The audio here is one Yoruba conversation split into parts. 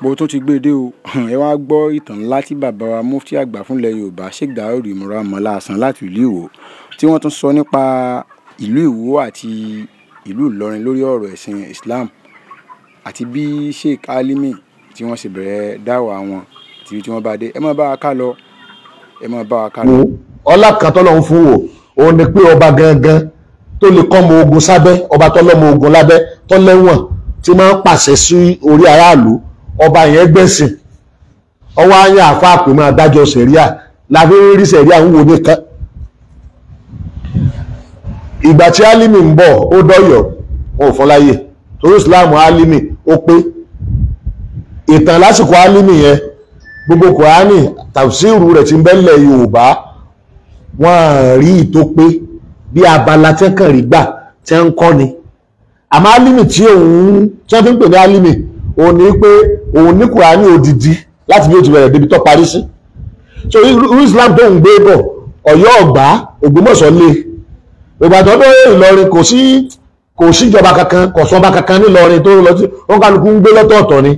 bó tún ti gbé e dé o ẹ wá gbọ́ ìtàn ńlá tí bàbá wa mufti àgbà fúnlẹ̀ yorùbá Sheikh Daud Imran-Mola Hassan láti ìlú Ìwó tí wọ́n tún sọ nípa ìlú Ìwó àti ìlú Ìlọrin lórí ọ̀rọ̀ ẹ̀sìn Islam àti bí Sheikh Alimi tí wọ́n sì bẹ̀rẹ̀ dáwà wọn tìbí tí wọ́n bá dé ẹ má bá wa ká lọ ẹ má bá wa ká lọ. ọlá kan tọ́lọ́ ń fún wò òun ni pé ọba gangan tó lè kọ́ ọmọ ogun sábẹ́ ọba tọ́lọ́mọ ogun lábẹ́ tọ́lẹ́wọ̀n tí máa ń pàṣẹ sí orí aráàlú ọba yẹn gbẹ̀sìn ọwọ́ anya afọ pé máa dájọ́ sẹ̀ríà láfi ń rí sẹ̀ríà ń wo nìkan ìgbà tí alimi ń bọ̀ ó dọ́yọ̀ wọn ò fún láyè torí islam alimi ó pé ìtàn lásìkò alimi yẹn gbogbo kùránì tàfsíìrù rẹ̀ ti ń bẹ́lẹ̀ yorùbá wọn rí ìtó pé bí abala tẹ́kàn rí gbà tẹ́ ń kọ́ ni àmọ́ alimi tí òun tí wọ́n fi ń pè ní alimi òun ni pé òun ní kùránì òdìdí láti bí ó bẹ̀rẹ̀ débi tó parí sí so irú islam tó ń gbé bọ̀ ọ̀yọ́ ọ̀gbá ògbómọ̀ṣọ́ lé ìgbàdàn tó ìlọrin kò sí kò síjọba kankan kò sọba kankan nílọrin tó lọ sí wọn kálukú ń gbé lọ́tọ̀ọ̀tọ̀ ni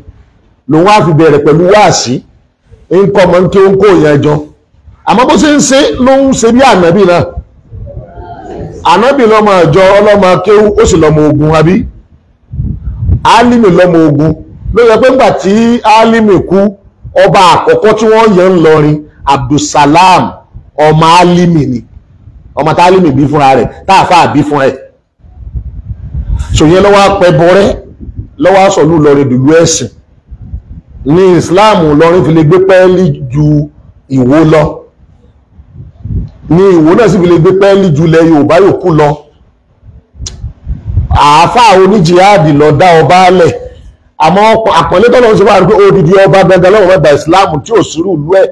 lòun á fi bẹ̀rẹ̀ pẹ̀lú wáàsí nǹkan mọ̀ kí ó ń kó yẹn jọ àmọ́ bó ṣe ń ṣe ló ń ṣe bí ànábì náà ànábì lọ́mọ ìjọ ọlọ́mọ kéwú ó sì lọ́mọ ogun àbí álímì lọ́mọ ogun ló yẹ pé ńgbà tí Álímì kú ọba àkọ́kọ́ tí wọ́n yàn ń lọrin Abdulsalam ọmọ Álímì ni ọmọ tá Álímì bí fúnra rẹ̀ tá àfa àbí fúnra ẹ̀ sòyẹn lọ́wọ́ apẹ̀bọrẹ́ lọ́wọ́ sọ̀lú lọrin dùlú ẹ̀sìn ní Islam lọrin fi lè gbé pẹ́ẹ́lí ju ìwó lọ ní ìwó náà sì fi lè gbé pẹ́ẹ́lí ju ilẹ̀ Yorùbá yòókù lọ àáfàá oníjìyàdì lọ dá ọba lẹ̀ àmọ́ àpọ́nlé tó lọ́wọ́ sí wà pé odidi ọba gangan lọ́wọ́ gba islam tí ò sírù ìlú ẹ̀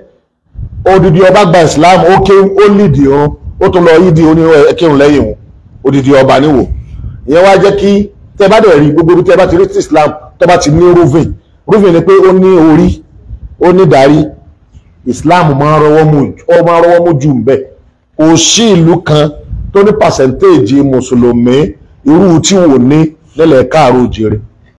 odidi ọba gba islam ó kéwù ó lìdì irun ó tún lọ yídi onírun ẹkẹrùn lẹ́yìn wọn odidi ọba níwò ìyẹn wá jẹ́ kí tẹ́ bá dẹ̀ rí gbogbo ibi tẹ́ bá ti rí ti islam tó bá ti ní rúfin rúfin ni pé ó ní orí ó ní darí islam máa rọwọ́ mú ọ máa rọwọ́ mú jù ń bẹ̀ kò sí ìlú kan tó ní pàṣẹ́ntéèjì mùsùlùmí irú tí wò ní nílẹ̀ káàró jèrè